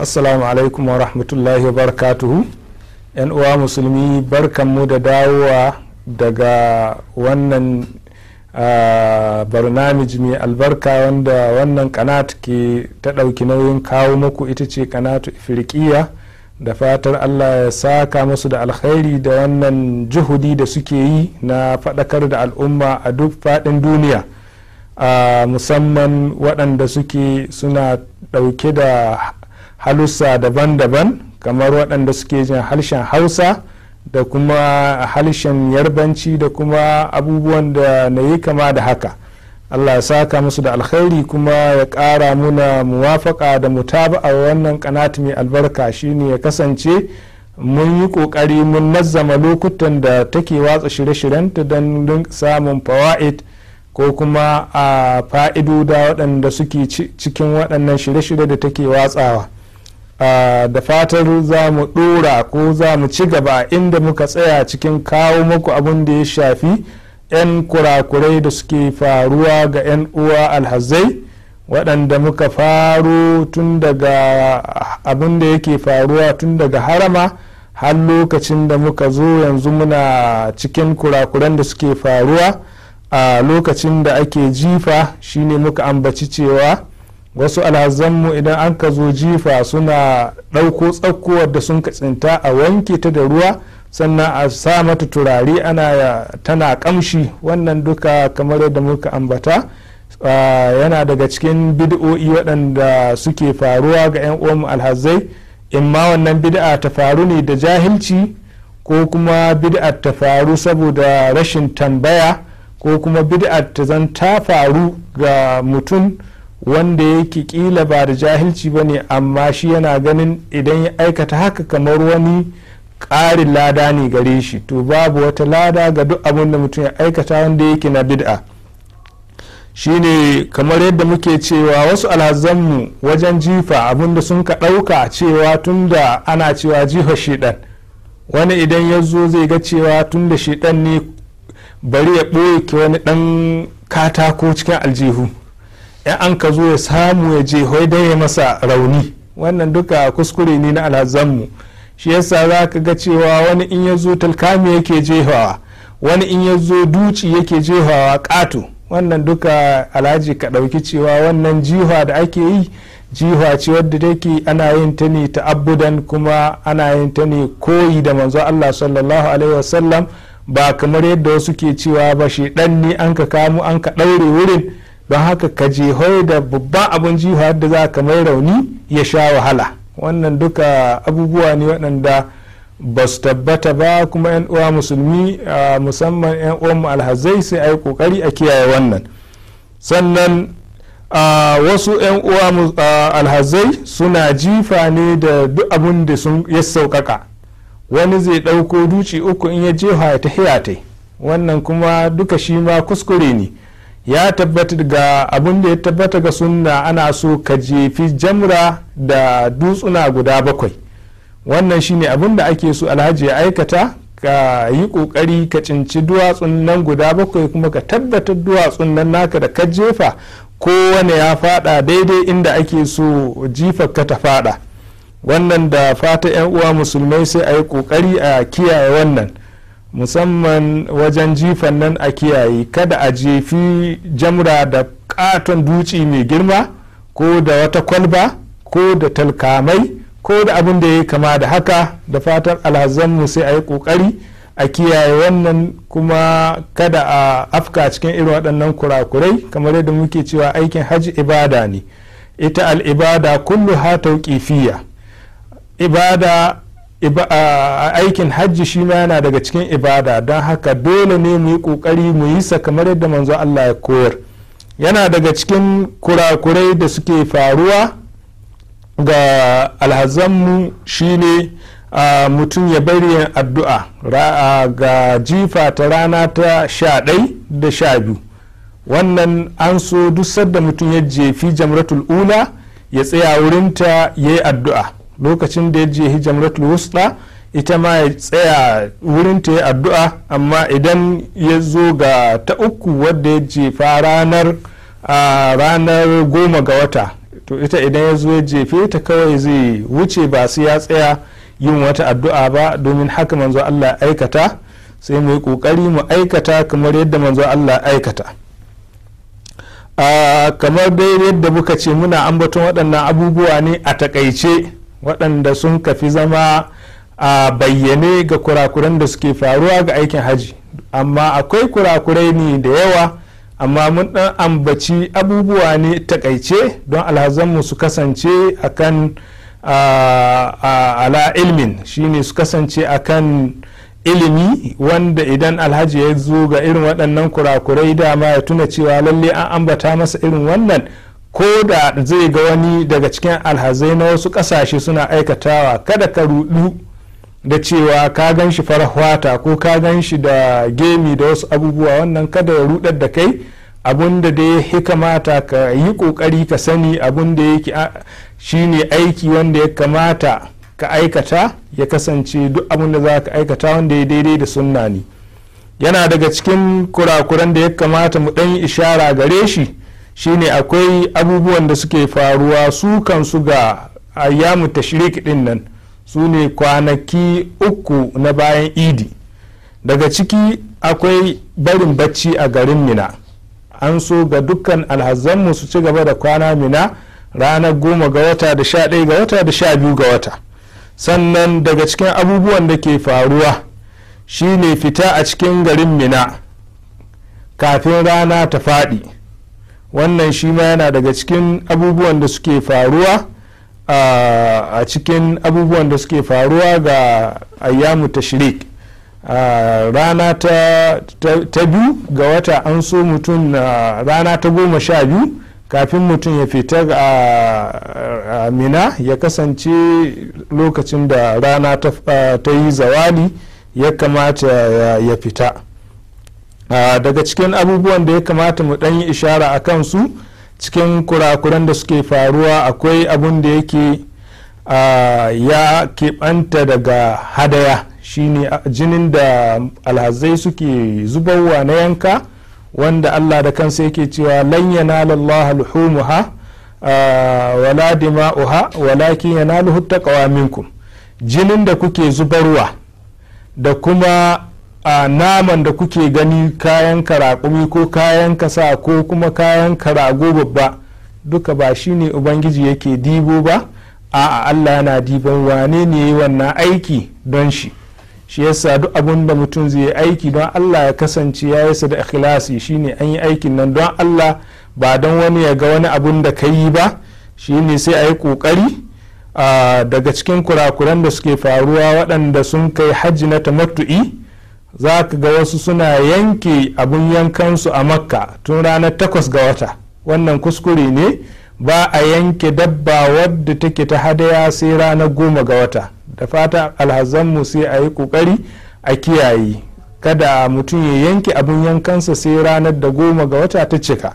assalamu alaikum wa rahmatullahi wa barakatuhu yan uwa musulmi barkanmu da dawowa daga wannan barnamij mai albarka wanda wannan kanat ke ta ɗauki nauyin kawo muku ita ce kanatu ifirkiya da fatar allah ya saka musu da alkhairi da wannan juhudi da suke yi na faɗakar da al'umma a duk faɗin duniya musamman waɗanda suke suna ɗauke da halussa daban-daban kamar waɗanda suke jin harshen hausa da kuma harshen yarbanci da kuma abubuwan da na yi kama da haka allah ya saka musu da alkhairi kuma ya ƙara muna muwafaka da mutaba a wannan ƙanatu mai albarka shine ya kasance mun yi ƙoƙari mun nazzama lokutan da take watsa shirye-shiryenta don samun fawa'id ko kuma a fa'idoda waɗanda suke cikin waɗannan shirye-shirye da take watsawa. Ah, da fatar za mu dora ko za mu ci gaba inda muka tsaya cikin kawo muku abin da ya shafi 'yan kurakurai da suke faruwa ga 'yan uwa alhazai waɗanda muka faro tun daga abin da yake faruwa tun daga harama har lokacin da muka zo yanzu muna cikin kurakuran da suke faruwa a ah, lokacin da ake jifa shine muka ambaci cewa wasu alhazanmu idan an ka zo jifa suna ɗauko tsakkowar da sun tsinta a wanke ta da ruwa sannan a sa mata turare ana tana kamshi wannan duka kamar yadda muka ambata yana daga cikin bid'o'i waɗanda suke faruwa ga 'yan uwanmu alhazai imma wannan bid'a ta faru ne da jahilci ko kuma bid'a ta faru saboda rashin tambaya ko kuma bid'a ta zan ta faru ga mutum wanda yake kila ba da jahilci ba ne amma shi yana ganin idan ya aikata haka kamar wani ƙarin lada ne gare shi to babu wata lada ga duk abin da mutum ya aikata wanda yake na bid'a shine kamar yadda muke cewa wasu alhazanmu wajen jifa abinda sun ka ɗauka cewa tun da ana cewa jifa shiɗan wani idan ya zo zai ga cewa tun tunda shiɗan ne bari ya ɓoye wani ɗan katako cikin aljihu ya an ka zo ya samu ya je ya masa rauni wannan duka kuskure ne na alhazanmu shi yasa za ka ga cewa wani in ya zo talkami yake jehawa wani in ya zo duci yake jehawa ƙato wannan duka alhaji ka ɗauki cewa wannan jiha da ake yi jiha ce wadda take ana yin ta ne ta'abbudan kuma ana yin ta ne koyi da manzo Allah sallallahu alaihi wasallam ba kamar yadda wasu ke cewa ba shi ɗan ne an ka kamu an ka ɗaure wurin don haka ka jihoi da babban abin jiho da za ka mai rauni ya sha wahala wannan duka abubuwa ne waɗanda ba su tabbata ba kuma 'yan uwa musulmi musamman 'yan uwanmu alhazai sai a yi kokari a kiyaye wannan sannan wasu 'yan uwa alhazai suna jifa ne da duk abin da sun ya sauƙaƙa wani zai ɗauko duci uku in ya jefa ya ta wannan kuma duka shi ma kuskure ne ya tabbatar ga abin da ya tabbata ga sunna ana so ka jefi jamra da dutsuna guda bakwai wannan shine abin da ake so alhaji ya aikata ka yi kokari ka cinci duwatsun nan guda bakwai kuma ka tabbatar duwatsun nan naka da ka jefa kowane ya fada daidai inda ake so jifar ka ta fada wannan da fata 'yan uwa musulmai sai a yi kokari a kiyaye wannan musamman wajen jifan nan a kiyaye kada a jefi jamra da katon duci mai girma ko da wata kwalba ko da talkamai ko da abin da ya kama da haka da fatan mu sai a yi kokari a kiyaye wannan kuma kada a afka cikin irin waɗannan kurakurai kamar yadda muke cewa aikin hajji ibada ne ita al'ibada kullu ha tauƙifiya ibada aikin hajji shi ma yana daga cikin ibada don haka dole ne mu yi ƙoƙari mu yi sa kamar yadda manzo Allah ya koyar yana daga cikin kurakurai da suke faruwa ga alhazanmu shi shine mutum ya bari yin addu'a ga jifa ta rana ta sha ɗai da sha biyu wannan an so duk sadda mutum ya jefi jamratul ula ya tsaya wurinta ya yi addu'a lokacin da ya je hijamratul wusta ita ma ya tsaya wurin ta yi addu'a amma idan ya zo ga ta uku wadda ya jefa ranar ranar goma ga wata to ita idan ya zo ya jefe ta kawai zai wuce ba sai ya tsaya yin wata addu'a ba domin haka manzo Allah aikata sai mu yi kokari mu aikata kamar yadda manzo Allah aikata kamar dai yadda muka ce muna ambaton waɗannan abubuwa ne a takaice waɗanda sun kafi zama a bayyane ga kurakuran da suke faruwa ga aikin haji amma akwai kurakurai ne da yawa amma mun ɗan ambaci abubuwa ne takaice don alhazanmu su kasance a kan ala ilmin shine su kasance a kan ilimi wanda idan alhaji ya zo ga irin waɗannan kurakurai dama ya tuna cewa lalle an ambata masa irin wannan ko da zai ga wani daga cikin alhazai na wasu kasashe suna aikatawa kada ka rudu da cewa ka gan shi farahwata ko ka gan shi da gemi da wasu abubuwa wannan kada ya rudar da kai abun da dai ya kamata ka yi kokari ka sani abun da yake shine aiki wanda ya kamata ka aikata ya kasance duk abun da za ka aikata wanda ya daidai da sunna ne yana daga cikin kurakuran da ya kamata mu ɗan yi ishara gare shi shine akwai abubuwan da suke faruwa su kansu ga ayyamu tashrik din nan su ne kwanaki uku na bayan idi daga ciki akwai barin bacci a garin mina an so ga dukkan alhazanmu su ci gaba da kwana mina ranar goma ga wata da sha ɗaya ga wata da sha biyu ga wata sannan daga cikin abubuwan da ke faruwa shine fita a cikin garin mina kafin rana ta faɗi wannan shi ma yana daga cikin abubuwan da suke faruwa a cikin abubuwan da suke faruwa ga ayyamu tashrik rana ta biyu ga wata an so mutum rana ta goma sha biyu kafin mutum ya fita a mina ya kasance lokacin da rana ta yi zawali ya kamata ya fita Ah, daga cikin abubuwan da ya kamata mu ɗanyi ishara a kansu cikin kurakuran da suke faruwa akwai abun da yake ah, ya keɓanta daga hadaya shine ah, jinin da alhazai suke zubarwa na yanka wanda allah da kansa yake cewa lanyana lallaha luhumuha wala dima'uha walakin yana taqwa minkum jinin da kuke zubarwa da kuma a naman da kuke gani kayan karakumi ko kayan kasa ko kuma kayan karago babba duka ba shi ne ubangiji yake dibo ba a allah yana diban wane ne wannan aiki don shi shi yasa duk abin da mutum zai yi aiki don allah ya kasance ya yi da ikhlasi ne an yi aikin nan don allah ba don wani ya ga wani abun da ka yi ba shi ne sai a yi ƙoƙari daga cikin kurakuran da suke faruwa waɗanda sun kai hajji na tamattu'i za ka ga wasu suna yanke abin yankansu a makka tun ranar takwas ga wata wannan kuskure ne ba a yanke dabba wadda take ta hadaya sai ranar goma ga wata da fata alhazanmu sai a yi kokari a kiyaye kada mutum ya yanke abin yankansa sai ranar da goma ga wata ta cika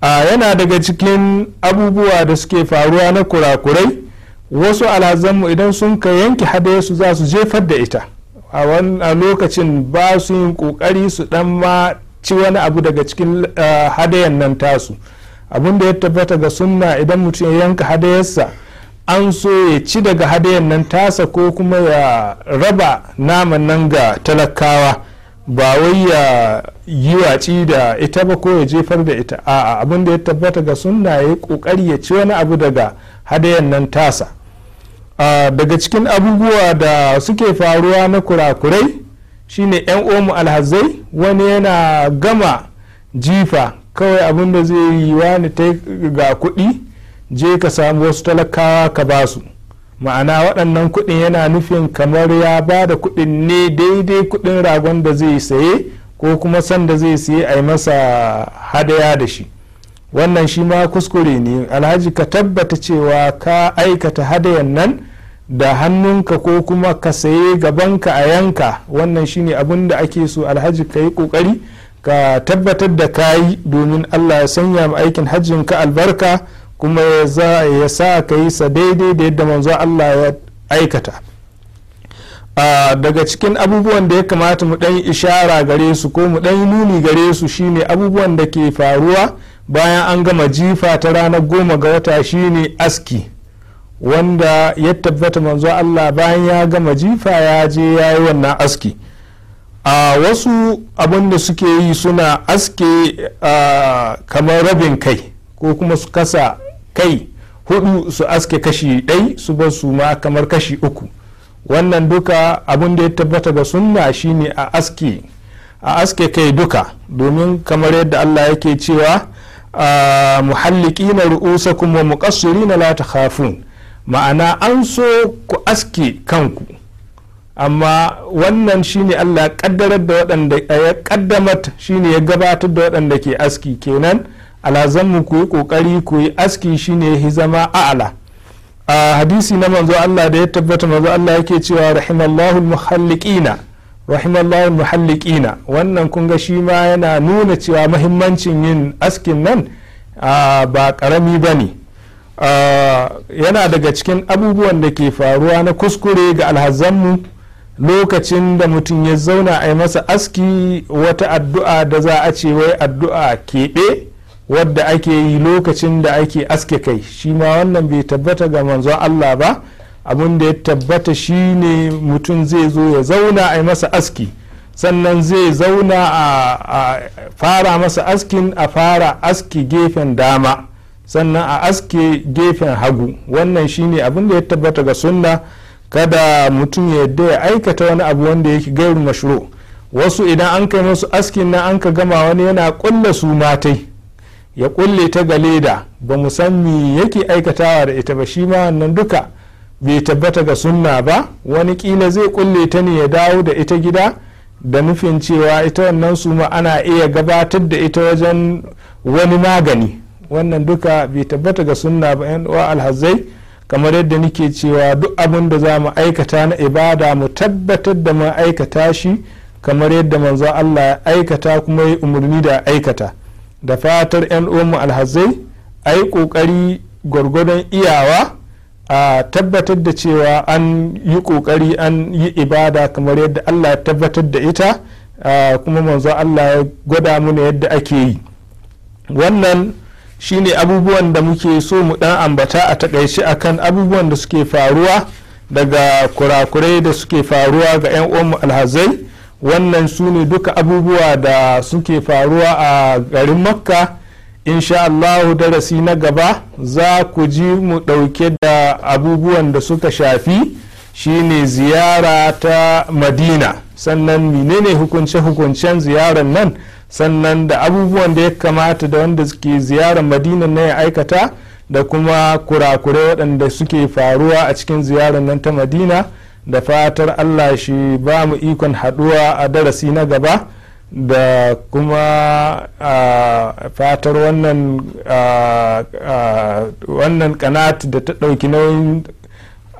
a yana daga cikin abubuwa da suke faruwa na kurakurai wasu alhazanmu idan sun ka yanke hadaya su za su jefar da ita a lokacin ba su yin kokari su dan ma ci wani abu daga cikin eh, hadayan nan tasu abin da ya tabbata ga sunna idan mutum ya yanka hadayarsa an so ya ci daga hadayan nan tasa ko kuma ya raba naman nan ga talakawa ba wai ya yi waci da ita ba ko ya jefar da ita a'a abin da ya tabbata ga sunna ya yi kokari ya ci wani abu daga hadayan nan tasa daga cikin abubuwa da suke faruwa na kurakurai shine yan omu alhazai wani yana gama jifa kawai abin da zai yi ni ta ga kuɗi je ka samu wasu talakawa ka ba su ma'ana waɗannan kuɗin yana nufin kamar ya ba da kuɗin ne daidai kuɗin ragon da zai saye ko kuma sanda zai saye a yi masa hadaya da shi wannan shi ma kuskure ne alhaji ka tabbata cewa ka aikata hadayan nan da hannunka ko kuma ka saye gabanka a yanka wannan shi ne abin da ake so alhaji ka yi kokari ka tabbatar da ka yi domin allah ya sanya ma aikin hajjin ka albarka kuma ya sa ka yi sa daidai da yadda manzo allah ya aikata daga cikin abubuwan da ya kamata mu ɗan ishara gare su ko mu ɗan nuni gare su shine abubuwan da ke faruwa bayan an gama jifa ta ranar goma ga wata shine aski wanda ya tabbata manzo Allah bayan ya gama jifa ya je ya yi wannan aski a wasu abun da suke yi suna aske kamar rabin kai ko kuma su kasa kai hudu su aske kashi ɗai su ba su ma kamar kashi uku wannan duka abinda ya tabbata ga sunna shine a aske a aske kai duka domin kamar yadda Allah yake cewa muhalliqina ru'usakum wa muqassirina la takhafun ma'ana an so ku aske kanku amma wannan shine Allah ya kaddarar da waɗanda ya kaddamat shine ya gabatar da waɗanda ke aski kenan alazanmu ku yi kokari ku yi aski shine ya zama a'ala a hadisi na manzo Allah da ya tabbata manzo Allah yake cewa rahimallahu muhalliqina rahimallahu muhalliqina wannan kun ga shi ma yana nuna cewa mahimmancin yin askin nan ba karami ba ne yana daga cikin abubuwan da ke faruwa na kuskure ga alhazanmu lokacin da mutum ya zauna a yi masa aski wata addu'a da za a ce wai addu'a keɓe wadda ake yi lokacin da ake aske kai shi ma wannan bai tabbata ga manzon allah ba abin da ya tabbata shine mutum zai zo ya zauna a yi masa aski sannan zai zauna a fara masa askin a fara aski gefen dama sannan a aske gefen hagu wannan shine abin da ya tabbata ga sunna kada mutum ya yadda ya aikata wani abu wanda yake gairu mashuro wasu idan an kai masu askin na an ka gama wani yana kulle su matai ya kulle ta ga leda ba mu san me yake aikatawa da ita ba shi ma wannan duka bai tabbata ga sunna ba wani kila zai kulle ta ne ya dawo da ita gida da nufin cewa ita wannan suma ana iya gabatar da ita wajen wani magani wannan duka bai tabbata ga sunna ba yan uwa alhazai kamar yadda nike cewa duk abin da za mu aikata na ibada mu tabbatar da mu aikata shi kamar yadda manzo Allah ya aikata kuma ya umarni da aikata da fatar yan uwan mu alhazai ai kokari gwargwadon iyawa a tabbatar da cewa an yi kokari an yi ibada kamar yadda allah ya tabbatar da ita kuma manzo allah ya gwada muna yadda ake yi wannan shine abubuwan da muke so mu dan ambata a takaice akan abubuwan da suke faruwa daga kurakurai da suke faruwa ga 'yan uwanmu alhazai wannan su ne duka abubuwa da suke faruwa a garin makka insha allahu darasi na gaba za ku ji mu ɗauke da abubuwan da suka shafi shine ziyara ta madina sannan menene hukunce-hukuncen ziyarar nan sannan da abubuwan da ya kamata da wanda ke ziyarar madina na ya aikata da kuma kurakurai waɗanda suke faruwa a cikin ziyarar nan ta madina da fatar allah shi ba mu ikon haɗuwa a darasi na gaba da kuma fatar wannan wannan kanat da ta ɗauki nauyin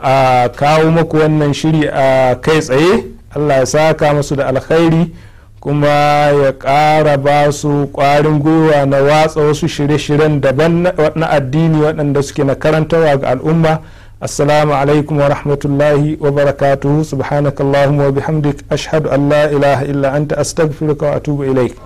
a kawo maku wannan shiri a kai tsaye allah ya saka masu da alkhairi kuma ya ƙara ba su ƙwarin gwiwa na watsa wasu shirye-shiryen daban na addini waɗanda suke na karantarwa ga al'umma assalamu alaikum wa rahmatullahi wa barakatuhu subhanakallahumma wa bihamdik ashhadu an la ilaha illa anta astaghfiruka wa atubu ilaik